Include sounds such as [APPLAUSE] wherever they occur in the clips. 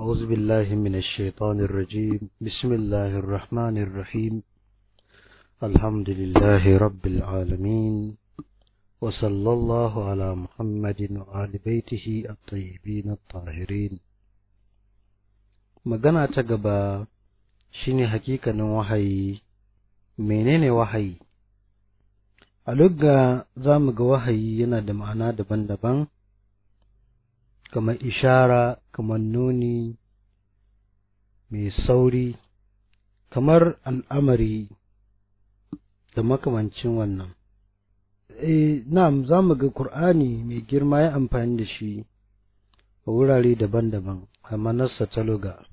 أعوذ بالله من الشيطان الرجيم بسم الله الرحمن الرحيم الحمد لله رب العالمين وصلى الله على محمد وآل بيته الطيبين الطاهرين magana تغبا gaba حقيقة hakikanin wahayi menene wahayi a lugga za mu ga دبن, دبن. kamar ishara kamar nuni mai sauri kamar al'amari da makamancin wannan eh na'am za mu ga ƙur'ani mai girma ya amfani da shi a wurare daban-daban a ta taluga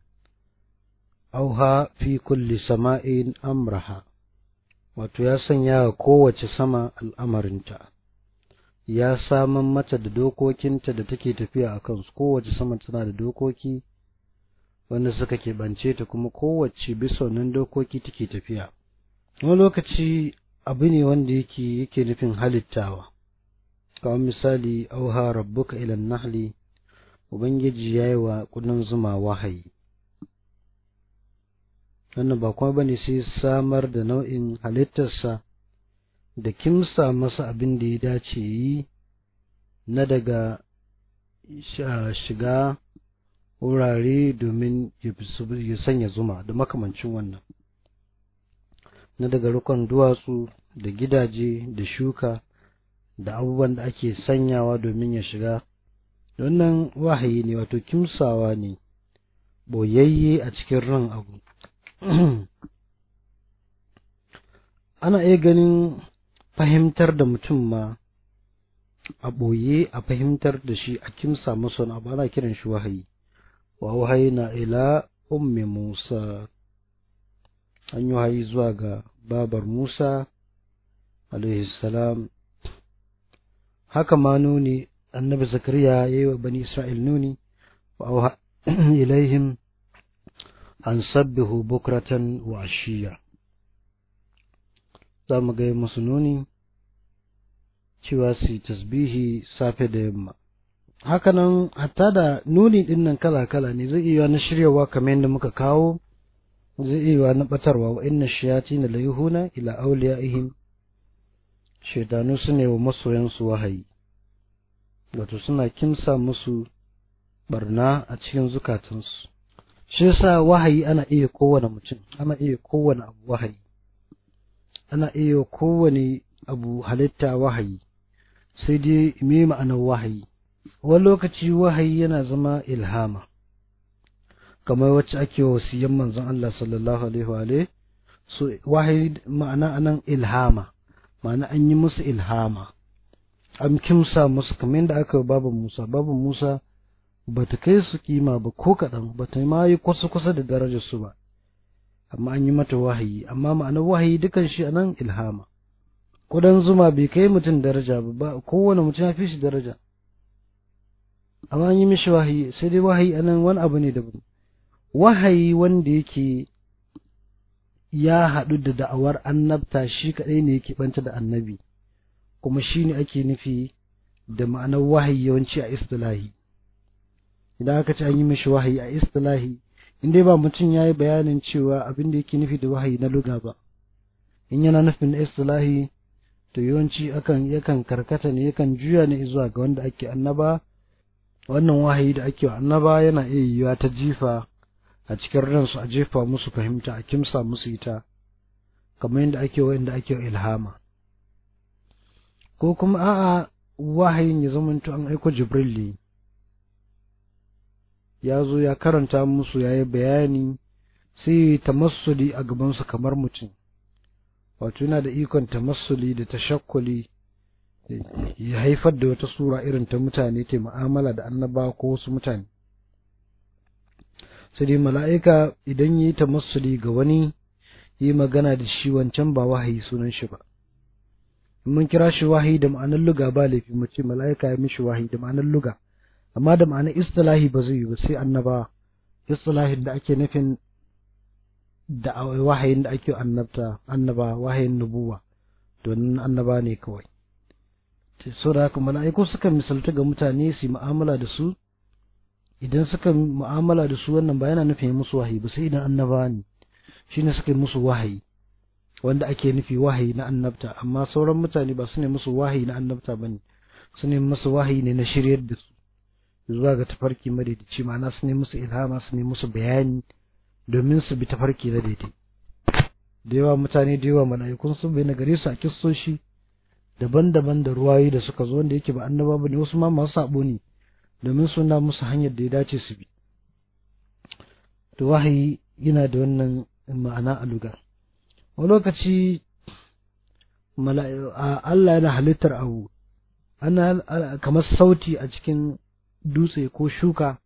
auha fi kulli sama'in amraha wato ya sanya wa kowace sama al'amarinta ya saman mata da dokokinta da take tafiya a kansu kowace sama tana da dokoki wanda suka keɓance ta kuma kowace bisa wannan dokoki take tafiya wani lokaci abu ne wanda yake yake nufin halittawa kamar misali auha rabbuka ilan nahli ubangiji ya yi wa kudin zuma wahayi wannan ba kuma bane sai samar da nau'in halittarsa da kimsa masa abin da ya dace yi na daga shiga wurare domin ya sanya zuma da makamancin wannan na daga rukun duwatsu da gidaje da shuka da abubuwan da ake sanyawa domin ya shiga wannan wahayi ne wato kimsawa ne boyayye a cikin ran abu [CLEARS THROAT] ana iya ganin fahimtar da mutum ma a ɓoye a fahimtar da shi a kimsa masa wani abu ana kiran shi wahayi wa wahayi na ila ummi musa an yi wahayi zuwa ga babar musa alaihi haka ma nuni annabi zakariya ya yi wa bani isra'il nuni wa [CLEARS THROAT] ilaihim an sabbihu bukratan wa ashiya za mu ga musu nuni cewa su yi tasbihi safe da yamma hakanan hatta da nuni din kala-kala ne zai iya na shiryawa kamar yadda muka kawo zai iya na batarwa wa inna shiyati na yuhuna ila awliyaihim su sune wa masoyansu wahayi wato suna kimsa musu barna a cikin zukatansu shi yasa wahayi ana iya kowane mutum ana iya kowane abu wahayi ana iya kowane abu halitta wahayi sai dai me ma'anar wahayi wani lokaci wahayi yana zama ilhama kamar wacce ake wasiyan manzon Allah sallallahu alaihi wa so wahayi ma'ana anan ilhama ma'ana an yi musu ilhama an kimsa musu kamar da aka yi babu Musa babu Musa ba ta kai su kima ba ko kaɗan ba ta ma yi kusa kusa da darajar su ba amma an yi mata wahayi amma ma'anar wahayi dukan shi anan ilhama kudan zuma bai kai mutum daraja ba kowane mutum ya fi daraja amma an yi mishi wahayi sai dai wahayi anan wani abu ne daban wahayi wanda yake ya haɗu da da'awar annabta shi kaɗai ne yake banta da annabi kuma shi ne ake nufi da ma'anar wahayi yawanci a istilahi idan aka ce an yi mishi wahayi a istilahi in dai ba mutum ya yi bayanin cewa abin da yake nufi da wahayi na luga ba in yana nufin istilahi to yawanci akan yakan karkata ne yakan juya ne zuwa ga wanda ake annaba wannan wahayi da ake annaba yana iya yiwa ta jifa a cikin ransu a jefa musu fahimta a kimsa musu ita kamar yadda ake inda ake ilhama ko kuma a'a wahayin ya zamanto an aiko jibril ne ya zo ya karanta musu ya yi bayani sai ya yi tamassuli a gabansu kamar mutum wato yana da ikon tamassuli da ta tashakkuli ya haifar da wata sura irin ta mutane ke mu'amala da annaba ko wasu mutane sai dai mala'ika idan ya yi tamassuli ga wani yi magana da shi wancan ba wahayi sunan shi ba mun kira shi wahayi da ma'anar luga ba laifi mu mala'ika ya mishi wahayi da ma'anar luga amma da ma'ana istilahi ba zai yi ba sai annaba istilahin da ake nufin da wahayin da ake annabta annaba wahayin nubuwa don annaba ne kawai so da haka mala'iku suka misalta ga mutane su mu'amala da su idan suka mu'amala da su wannan ba yana nufin musu wahayi ba sai idan annaba ne shine suka musu wahayi wanda ake nufi wahayi na annabta amma sauran mutane ba su ne musu wahayi na annabta bane su ne musu wahayi ne na shiryar da su zuwa ga tafarki madaidaici ma'ana su ne musu ilhama su ne musu bayani domin su bi tafarki na daidai da yawa mutane da yawa mala'ikun sun bayyana nagare su a kissoshi daban-daban da ruwayi da suka zo wanda yake ba annaba ne wasu ma masu sabo ne domin suna musu hanyar da ya dace su bi to wahayi yana da wannan ma'ana a lugar wani lokaci Allah yana halittar abu ana kamar sauti a cikin dutse ko shuka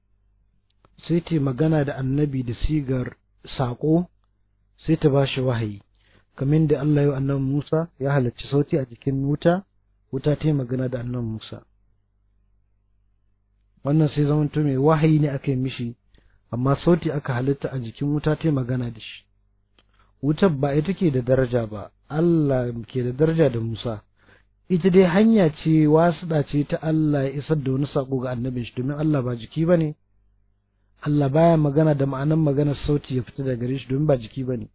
sai ta magana da annabi da sigar saƙo sai ta ba shi wahayi kamar da Allah ya annabi Musa ya halarci sauti a jikin wuta wuta ta magana da annabi Musa wannan sai zamanto mai wahayi ne aka yi mishi amma sauti aka halitta a jikin wuta ta magana da shi wutar ba ita ke da daraja ba Allah ke da daraja da Musa ita dai hanya ce wasuɗa ce ta Allah ya isar da wani sako ga annabin shi domin Allah ba jiki ba ne Allah baya magana da ma'anan maganar sauti ya fita daga gare shi domin ba jiki ba ne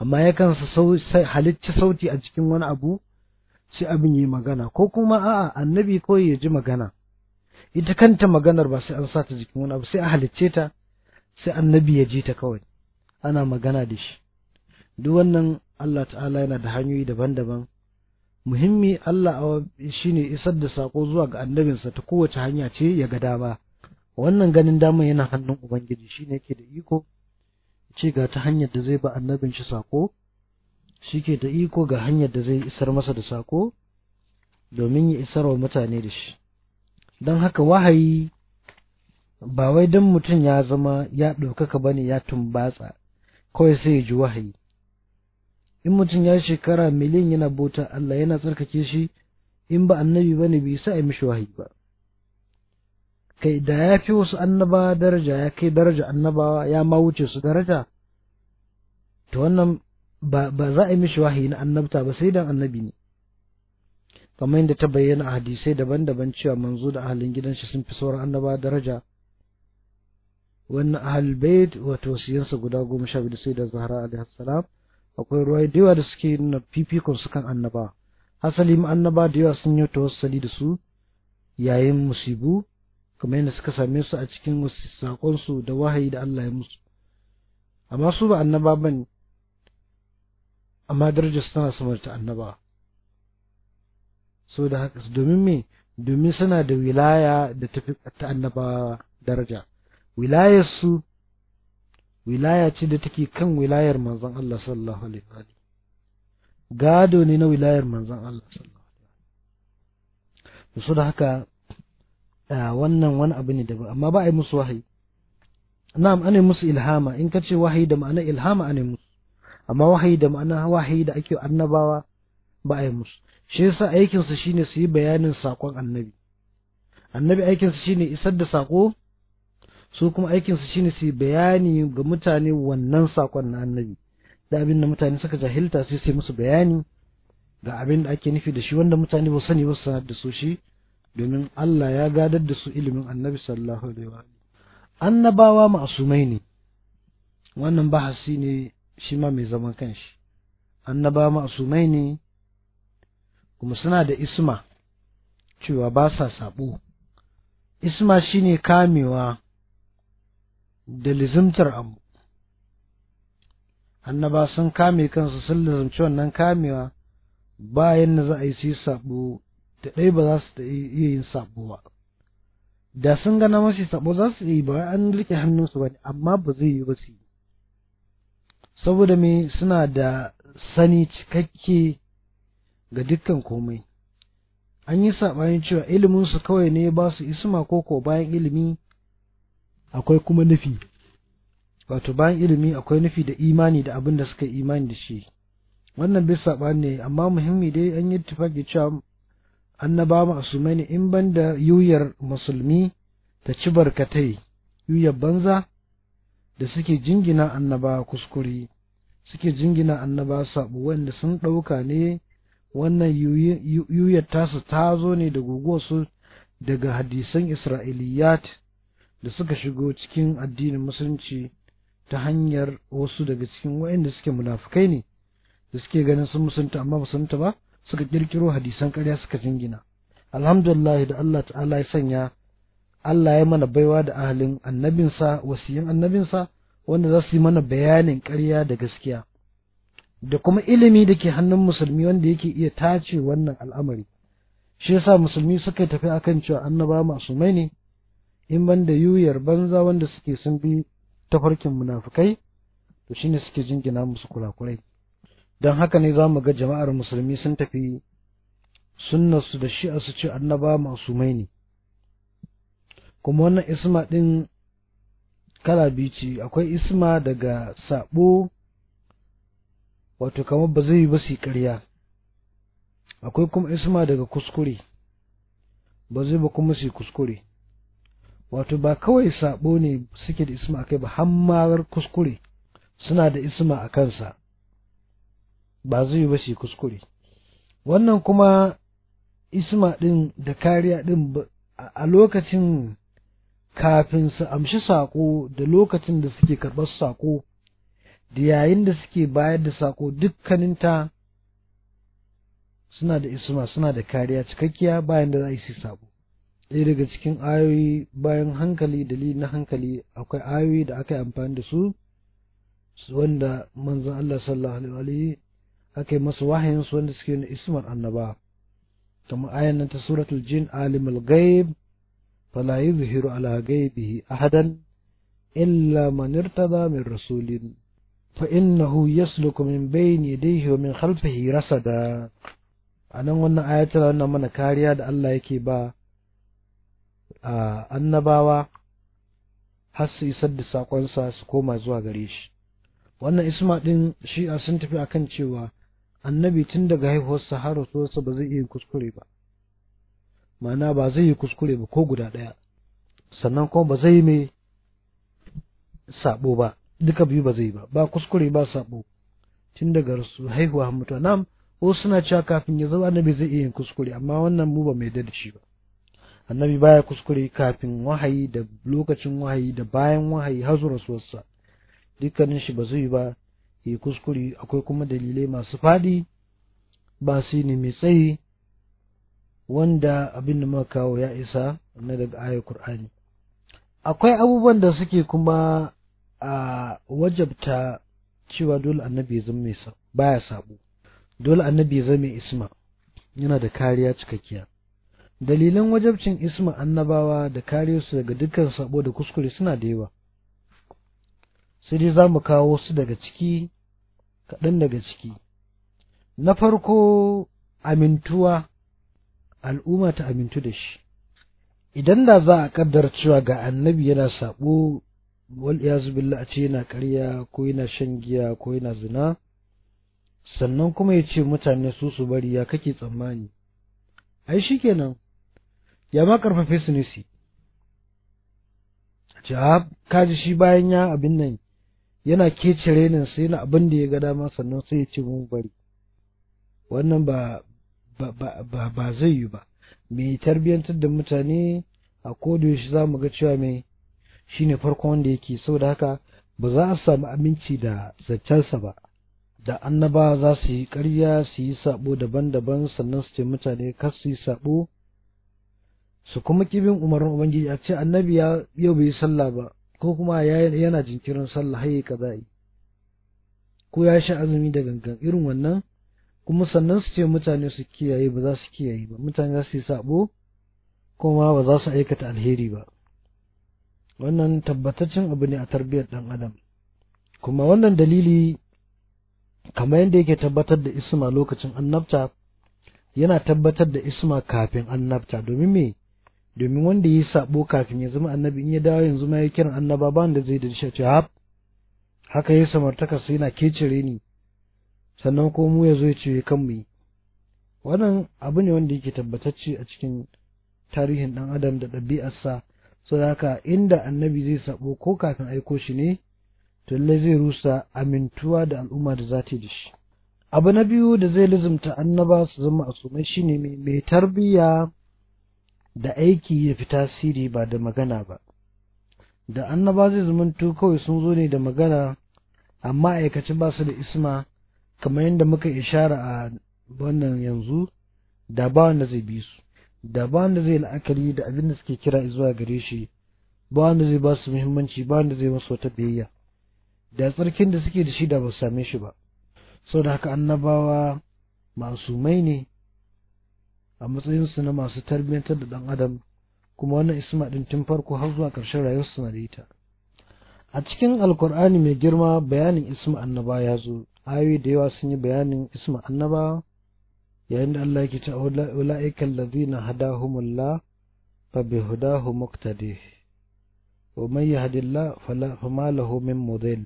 amma yakan halicci sauti a cikin wani abu sai abin yi magana ko kuma a'a annabi kawai ya ji magana ita kanta maganar ba sai an sa ta jikin wani abu sai a halicce ta sai annabi ya ji ta kawai ana magana da shi duk wannan Allah ta'ala yana da hanyoyi daban-daban muhimmi Allah ne isar da saƙo zuwa ga annabinsa ta kowace hanya ce ya ga dama wannan ganin dama yana hannun ubangiji shi ne yake da iko ce ga ta hanyar da zai ba annabin shi saƙo shi ke da iko ga hanyar da zai isar masa da saƙo domin ya isar wa mutane da shi don haka wahayi ba wai don mutum ya zama ya ɗaukaka ba ne ya tumbatsa kawai sai ya ji wahayi in mutum ya shekara miliyan yana bauta Allah yana tsarkake shi in ba annabi ba ne bai sa a mishi wahayi ba kai da ya fi wasu annaba daraja ya kai daraja annabawa ya ma wuce su daraja to wannan ba za a yi mishi wahayi na annabta ba sai dan annabi ne kamar yadda ta bayyana a hadisai daban-daban cewa manzo da ahalin gidan shi sun fi sauran annaba daraja wannan ahalbait wato siyansa guda goma sha biyu sai da zahra alaihi salam akwai ruwai da yawa da suke nuna fifikon su kan annaba hasali ma annaba da yawa sun yi tawassali da su yayin musibu kamar yadda suka same su a cikin sakon su da wahayi da Allah ya musu amma su ba annaba ne amma darajar su tana samar ta annaba so da haka domin me domin suna da wilaya da ta annaba daraja wilayar su wilaya ce da take kan wilayar manzon Allah sallallahu alaihi wa gado ne na wilayar manzon Allah sallallahu alaihi wa su da haka wannan wani abu ne ba amma ba a yi musu wahayi na'am ana musu ilhama in ka ce wahayi da ma'ana ilhama ana musu amma wahayi da ma'ana wahayi da ake annabawa ba a yi musu shi yasa aikinsu shine su yi bayanin sakon annabi annabi aikinsa shine isar da sako su kuma aikinsu shine su bayani ga mutane wannan sakon na annabi da abin da mutane suka jahilta sai sai musu bayani ga abin da ake nufi da shi wanda mutane ba sani ba su sanar da su shi domin Allah ya gadar da su ilimin annabi sallallahu alaihi wa annabawa ma'asumai ne wannan bahasi ne shi ma mai zaman kanshi annabawa ma'asumai ne kuma suna da isma cewa ba sa sabo isma shine kamewa da lizimtar abu annaba sun kame kansu sun lizimci wannan kamewa bayan da za a yi su yi sabo da ɗai ba za su iya yin sabo ba da sun gana yi sabo za su yi ba an rike hannunsu ba amma ba zai yi ba su yi saboda me suna da sani cikakke ga dukkan komai an yi saɓanin cewa iliminsu kawai ne ba su isma ko ko bayan ilimi akwai kuma nufi wato bayan ilimi akwai nufi da imani da abin da suka imani da shi wannan bai saɓani ne amma muhimmi dai an yi tufafi cewa annaba ma'asumai ne in ban da yuyar musulmi ta ci barkatai yuyar banza da suke jingina annaba kuskure suke jingina annaba sabo wanda sun ɗauka ne wannan yuyar tasu ta zo ne da guguwarsu daga hadisan isra'iliyat da suka shigo cikin addinin musulunci ta hanyar wasu daga cikin wa'inda suke munafukai ne da suke ganin sun musunta amma musunta ba suka kirkiro hadisan karya suka jingina alhamdulillah da Allah ta'ala ya sanya Allah ya mana baiwa da ahalin annabinsa wasiyin annabinsa wanda za su yi mana bayanin karya da gaskiya da kuma ilimi da ke hannun musulmi wanda yake iya tace wannan al'amari shi yasa musulmi suka tafi akan cewa annaba mai ne in ban da yuyar banza wanda suke sun bi tafarkin munafukai to shine suke jingina musu kurakurai don haka ne za mu ga jama'ar musulmi sun tafi sunnarsu da shi su ce annaba mai ne kuma wannan isma ɗin kala biyu ce akwai isma daga sabo wato kamar ba zai yi ba su ƙarya akwai kuma isma daga kuskure ba zai ba kuma su kuskure wato ba kawai sabo ne suke da isma a kai ba hammarar kuskure suna da isma a kansa ba zai ba shi kuskure wannan kuma isma ɗin da kariya ɗin a lokacin kafin su amshi sako da lokacin da suke karɓar sako da yayin da suke bayar da sako dukkaninta suna da isma suna da kariya cikakkiya bayan da za a yi sako ɗaya daga cikin ayoyi bayan hankali dalili na hankali akwai ayoyi da aka yi amfani da su wanda manzon Allah sallallahu alaihi aka yi masa wahayin su wanda suke na ismar annaba kamar ayan nan ta suratul jin alimul ghaib fala yuzhiru ala ghaibihi ahadan illa man irtada min rasulin fa innahu yasluku min bayni yadayhi wa min khalfihi rasada anan wannan ayatul wannan mana kariya da Allah yake ba annabawa har su isar da saƙonsa su koma zuwa gare shi wannan isma shi a sun tafi a kan cewa annabi tun daga haihuwarsa har rasuwarsa ba zai iya kuskure ba ma'ana ba zai yi kuskure ba ko guda ɗaya sannan kuma ba zai mai sabo ba duka biyu ba zai ba ba kuskure ba sabo tun daga rasu, haihuwa mutuwa nan, ko suna cewa kafin ya zama annabi zai iya yin kuskure amma wannan mu ba mai da shi ba annabi baya kuskure kafin wahayi da lokacin wahayi da bayan wahayi har zuwa rasuwarsa dukkanin shi ba zai ba ke kuskure akwai kuma dalilai masu faɗi ba su ne mai tsayi wanda abin da muka kawo ya isa na daga ayar Kur'ani akwai abubuwan da suke kuma a wajabta cewa dole annabi zama mai baya sabo dole annabi zama mai isma yana da kariya cikakkiya Dalilan wajabcin isma annabawa da kare su daga dukkan sabo da kuskure suna da yawa, sai dai za mu kawo su daga ciki kaɗan daga ciki. Na farko amintuwa, al'umma ta amintu da shi, idan da za a ƙaddar cewa ga annabi yana saɓo, wal billah a ce yana ƙarya ko yana shan giya ko yana zina, sannan kuma ya ce mutane su su bari ya kake tsammani. Ai shi kenan, ya ma karfafe su ne su ce ah, ka kaji shi bayan ya abin nan yana kece renin sai na abin da ya ga dama sannan sai ya ce mun bari wannan ba ba zai yi ba mai tarbiyyantar da mutane a kodayaushe za mu ga cewa mai shine farkon wanda yake da haka ba za a samu aminci da zaccensa ba da annaba za su yi ƙarya su yi sabo daban-daban sannan su ce mutane kar su yi sabo su kuma kibin umarnin ubangiji a ce annabi ya yau bai sallah ba ko kuma yana jinkirin sallah har kaza ko ya sha azumi da gangan irin wannan kuma sannan su ce mutane su kiyaye ba za su kiyaye ba mutane za su yi sabo kuma ba za su aikata alheri ba wannan tabbataccen abu ne a tarbiyyar ɗan adam kuma wannan dalili kamar yadda yake tabbatar da isma lokacin annabta yana tabbatar da isma kafin annabta domin me domin wanda ya sabo kafin ya zama annabi in ya dawo yanzu ma ya kiran annaba ba wanda zai da shi hab haka ya samartaka sai ke kecire ni sannan ko mu ya zo ya ce kan mu wannan abu ne wanda yake tabbatacce a cikin tarihin dan adam da ɗabi'arsa so haka inda annabi zai sabo ko kafin aiko shi ne to lallai zai rusa amintuwa da al'umma da za ta yi da shi abu na biyu da zai lizumta annaba su zama a sumai shine mai tarbiyya da aiki ya fi tasiri ba da magana ba da annaba zai zumunta kawai sun zo ne da magana amma aikace ba su da isma kamar yadda muka ishara a wannan yanzu da ba wanda zai bi su da ba wanda zai la'akari da abin da suke kira zuwa gare shi ba wanda zai ba su muhimmanci ba wanda zai masu wata biyayya da tsarkin da suke da shi da ba su same shi ba sau da haka annabawa mai ne a matsayinsu na masu tarbiyyantar da ɗan adam kuma wannan isma ɗin tun farko har zuwa ƙarshen rayuwarsu na da ita a cikin alkur'ani mai girma bayanin isma annaba ya zo ayoyi da yawa sun yi bayanin isma annaba yayin da Allah yake cewa ula'ikal ladina hadahumullah fa bihudahu muqtadi wa man yahdillah fala fama lahu min mudil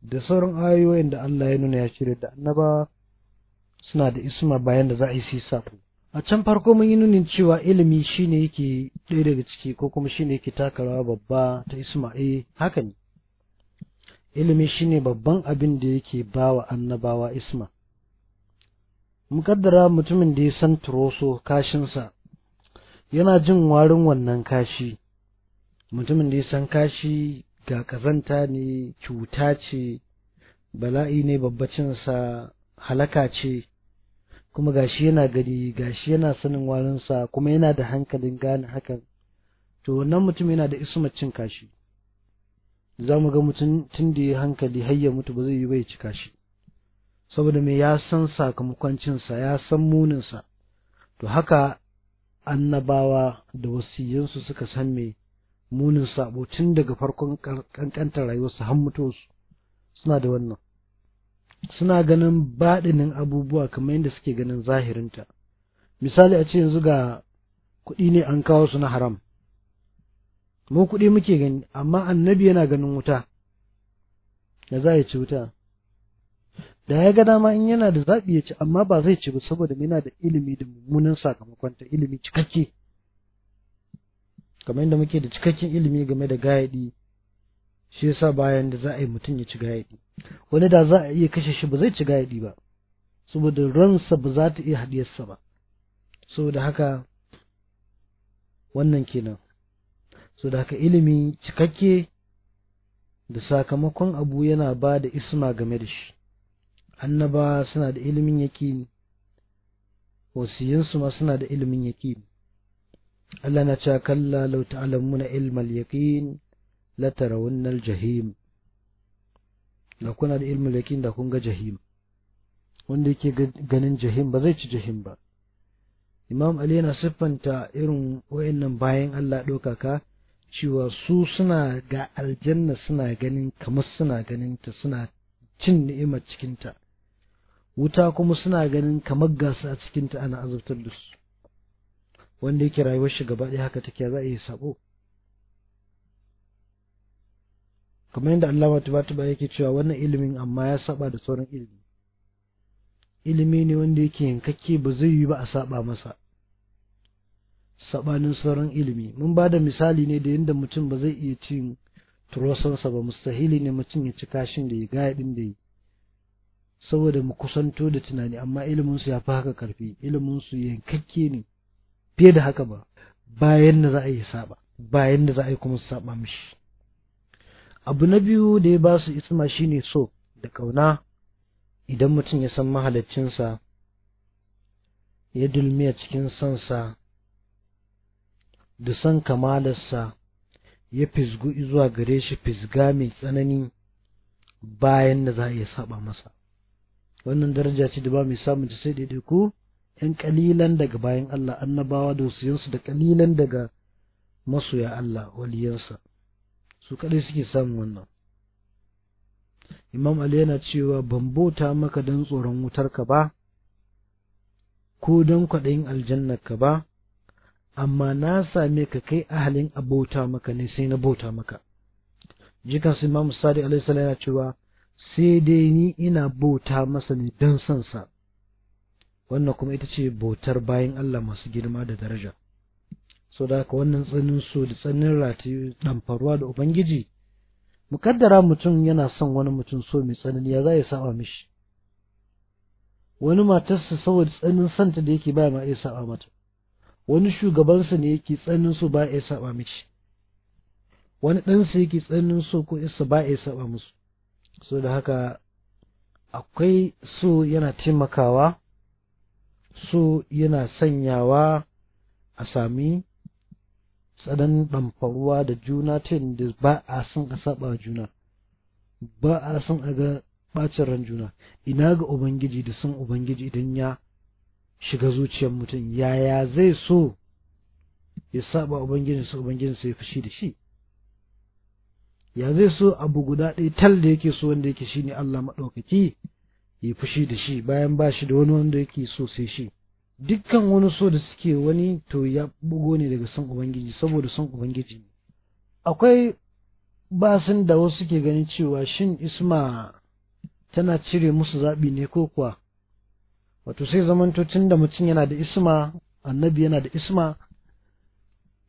da sauran ayoyin da Allah ya nuna ya shirya da annaba suna da isma bayan da za a yi sisa a can farko mun yi nunin cewa ilimi shine yake ɗaya daga ciki ko kuma shine yake taka rawa babba ta Isma'il haka ne ilimi shine babban abin da yake bawa annabawa isma mukaddara mutumin da ya san turoso kashinsa yana jin warin wannan kashi mutumin da ya san kashi ga kazanta ne cuta ce bala'i ne babbacinsa halaka ce kuma gashi yana gari gashi yana sanin warinsa kuma yana da hankalin gane hakan to wannan mutum yana da ismacin cin kashi za mu ga mutum tun da ya hankali har ya mutu ba zai yi bai ci kashi saboda mai ya san sakamakon cinsa ya san muninsa to haka annabawa da wasiyansu suka san me munin sabo tun daga farkon kankantar rayuwarsa har mutuwarsu suna da wannan suna ganin baɗinin abubuwa kamar yadda suke ganin zahirinta misali a ce yanzu ga kuɗi ne an kawo su na haram mu kuɗi muke gani amma annabi yana ganin wuta da za ya ci wuta da ya ga dama in yana da zaɓi ya ci amma ba zai ci ba saboda yana da ilimi da mummunan sakamakon ta ilimi cikakke kamar yadda muke da cikakken ilimi game da gayadi shi yasa bayan da za a yi mutum ya ci gayaɗi wani da za a iya kashe shi ba zai ci gayaɗi ba saboda ransa ba za ta iya haɗiyarsa ba saboda haka wannan kenan saboda haka ilimi cikakke da sakamakon abu yana ba da isma game da shi annaba suna da ilimin yaƙini wasiyinsu ma suna da ilimin yaƙini Allah na cakalla lau na ilmal yaqin latarawunnal jahim da kuna da ilmin yakin da kun ga jahim wanda yake ganin jahim ba zai ci jahim ba imam ali yana siffanta irin wayannan bayan Allah ɗaukaka cewa su suna ga aljanna suna ganin kamar suna ganin ta suna cin ni'imar cikinta wuta kuma suna ganin kamar gasa a cikinta ana azabtar da su wanda yake rayuwar shi gaba ɗaya haka take za a yi sabo kamar yadda Allah ba yake cewa wannan ilimin amma ya saba da sauran ilimi ilimi ne wanda yake yankakke ba zai yi ba a saba masa sabanin sauran ilimi mun ba da misali ne da yadda mutum ba zai iya cin turosansa ba mustahili ne mutum ya ci kashin da ya gaya din da yi saboda mu kusanto da tunani amma iliminsu ya fi haka karfi iliminsu yankakke ne fiye da haka ba bayan da za a yi saba bayan da za a yi kuma saba mishi abu na biyu da ya ba su isma shi ne so da ƙauna idan mutum ya san mahalaccinsa ya a cikin sansa da san kamalarsa ya fisgu zuwa gare shi fisga mai tsanani bayan da za a iya saba masa wannan daraja ce da ba mai samun ta sai daidai ku ‘yan kalilan daga bayan Allah annabawa da wasu da ƙalilan daga masoya Allah waliyansa su kaɗai suke samun wannan imam ali yana cewa ban bauta maka don tsoron wutar ka ba ko don kwaɗayin ka ba amma na same ka kai ahalin abauta maka ne sai na bauta maka jikan su imam sadi alaihi yana cewa sai dai ni ina bauta masa ne don sansa wannan kuma ita ce bautar bayan Allah masu girma da daraja so da haka wannan tsanin so da tsanin rati damfaruwa da ubangiji mukaddara mutum yana son wani mutum so mai tsanani ya za ya saba mishi wani matarsa saboda tsanin santa da yake ba ma iya saba mata wani shugabansa ne yake tsanin so ba ya saba mishi wani ɗansa yake tsanin so ko isa ba ya saba musu so da haka akwai so yana taimakawa so yana sanyawa a sami tsanan ɗamfaruwa da juna ta da ba a son a saba juna ba a son a ga ɓacin ran juna ina ga ubangiji da son ubangiji idan ya shiga zuciyar mutum yaya zai so ya saba ubangiji su ya fushi da shi ya zai so abu guda ɗaya tal da yake so wanda yake ne Allah maɗaukaki ya fushi da shi bayan ba shi da wani wanda yake so sai shi dukkan wani so da suke wani to ya bugo ne daga son ubangiji saboda son ubangiji akwai basin da wasu ke ganin cewa shin isma tana cire musu zaɓi ne ko kuwa wato sai zamanto tun da mutum yana da isma annabi yana da isma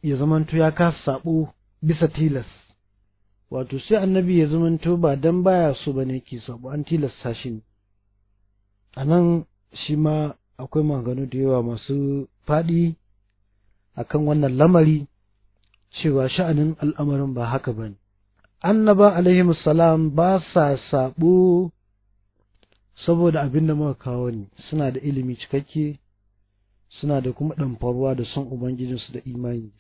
ya zamanto ya kasa sabo bisa tilas wato sai annabi ya zamanto ba dan baya so ba ne ke sabo an tilasta shi a nan shi ma akwai maganganu da yawa masu faɗi kan wannan lamari cewa sha'anin al'amarin ba haka ba ne. Annaba salam ba sa saɓo saboda abin da muka kawo ne, suna da ilimi cikakke, suna da kuma ɗanfarwa da son Ubangijinsu da imani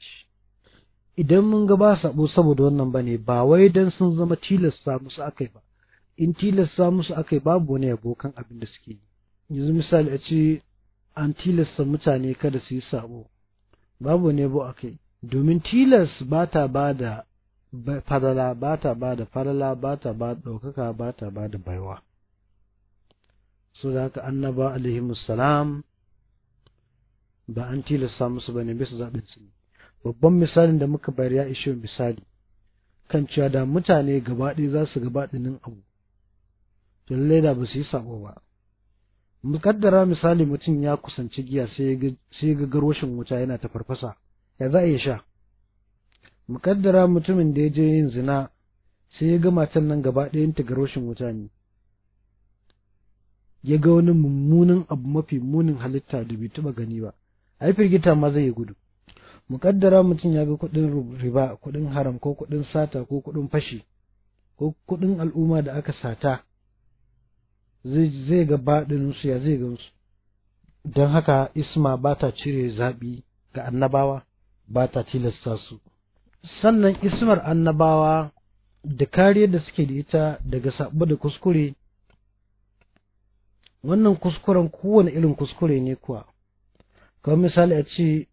Idan mun ga ba saɓo saboda wannan ba ne, ba wai don sun zama tilasta musu aka ba, in tilasta musu akai babu wani abokan abin da suke yi. Yanzu misali a ce an tilasta mutane kada su yi sabo babu nebo a kai domin tilas ba ta ba da falala ba ta ba da farala ba ta ba da ɗaukaka ba ta ba da baiwa so da haka annaba alaihimussalam ba an tilasta musu ba ne bisa zaɓin su babban misalin da muka bayar ya ishe misali kan cewa da mutane ɗaya za su ɗinin abu to lallai da ba su yi sabo ba mukaddara misali mutum ya kusanci giya sai ya ga garoshin wuta yana ta farfasa ya za a yi sha mukaddara mutumin da ya je yin zina sai ya ga matan nan gaba ta garwashin wuta ne ya ga wani mummunan abu mafi munin halitta da bai taɓa gani ba ai firgita ma zai yi gudu mukaddara mutum ya ga kuɗin riba kuɗin haram ko kuɗin sata ko kuɗin fashi ko kuɗin al'umma da aka sata zai ga baɗinsu ya zai gansu don haka isma ba ta cire zaɓi ga annabawa ba ta tilasta su sannan ismar annabawa da kariyar da suke da ita daga sabo da kuskure wannan kuskuren kowane irin kuskure ne kuwa kamar misali a ce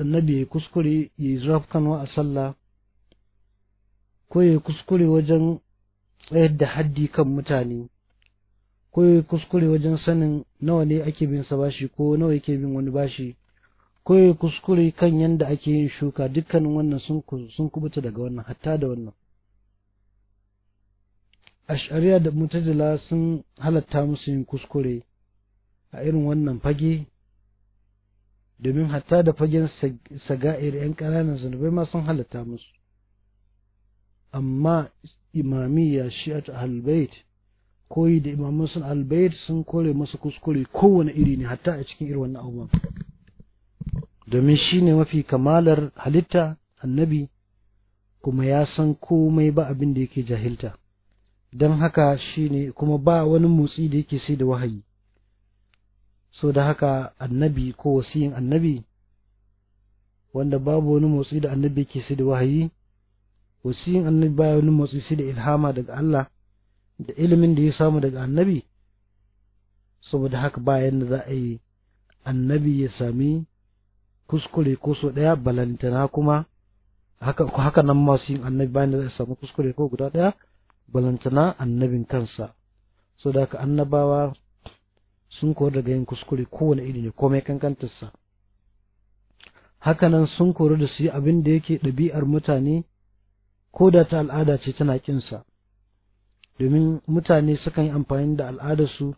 annabi ya kuskure ya yi zurafkanwa a sallah ko ya kuskure wajen tsayar da haddi kan mutane ko yi kuskure wajen sanin nawa ne ake bin sa bashi ko nawa yake bin wani bashi ko yi kuskure kan yanda ake yin shuka dukkanin wannan sun kubuta daga wannan hatta da wannan ash'ariya da mutajila sun halatta musu yin kuskure a irin wannan fage domin hatta da fagen saga'ir 'yan ƙananan zanubai ma sun halatta musu amma imamiyya shi'at ahlul koyi da imaman sun albayt sun kore masa kuskure kowane iri ne hatta a cikin irin wannan abubuwan domin shi ne mafi kamalar halitta annabi kuma ya san komai ba abin da yake jahilta don haka shi ne kuma ba wani motsi da yake sai da wahayi so da haka annabi ko wasiyin annabi wanda babu wani motsi da annabi yake sai da wahayi wasiyin annabi ba wani motsi sai da ilhama daga Allah da ilimin da ya samu daga annabi saboda haka bayan yadda za a yi annabi ya sami kuskure ko so ɗaya balantana kuma haka nan masu yin annabi bayan da za a samu kuskure ko guda ɗaya balantana annabin kansa so da haka annabawa sun kori daga yin kuskure kowane iri ne komai kankantarsa hakanan sun kori da su yi abin da yake ɗabi'ar mutane ko da ta al'ada ce tana ƙinsa domin mutane sukan yi amfani da al'adarsu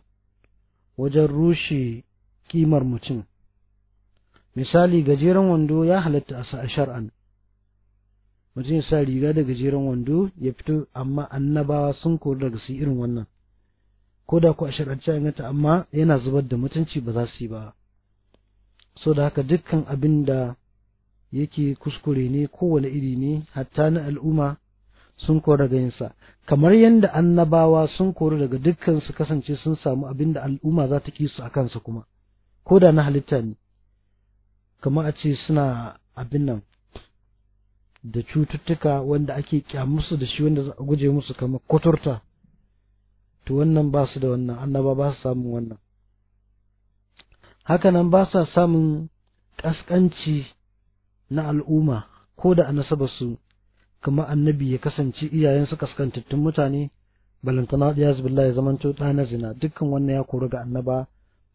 wajen rushe kimar mutum misali gajeren wando ya halatta a shar'an mutum ya sa riga da gajeren wando ya fito amma annabawa sun kori daga su irin wannan ko da ku a shar'ance inganta amma yana zubar da mutunci ba za su yi ba so da haka dukkan abin da yake kuskure ne kowane iri ne hatta na al'umma sun kori daga yinsa kamar yadda annabawa sun kori daga dukkan su kasance sun samu abin da al'umma za ta ƙi su a kansa kuma ko da na halitta ne kamar a ce suna abin nan da cututtuka wanda ake musu da shi wanda za a guje musu kamar kwatarta to wannan ba su da wannan annaba ba su samun wannan hakanan ba sa samun ƙasƙanci na al'umma ko da a nasabarsu kuma annabi ya kasance iyayen su kaskantattun mutane balantana da yazbillah ya zamanto ɗa na zina dukkan wannan ya kori ga annaba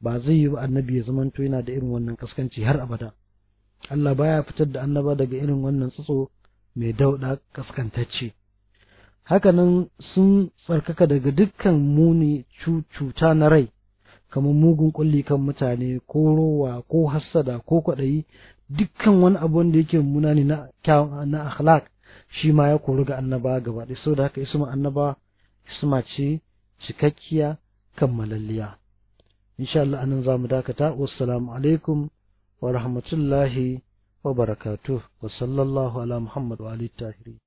ba zai yi annabi ya zamanto yana da irin wannan kaskanci har abada Allah baya fitar da annaba daga irin wannan tsatso mai dauɗa kaskantacce hakanan sun tsarkaka daga dukkan muni cuta na rai kamar mugun kulli kan mutane ko rowa ko hassada ko kwaɗayi dukkan wani abu wanda yake munani na na akhlaq shi ma ya koru ga annaba gaba ɗaya saboda haka isma annaba isma ce cikakkiya kammalalliya insha Allah anan zamu dakata wassalamu alaikum wa rahmatullahi wa barakatu wa sallallahu ala muhammad wa tahiri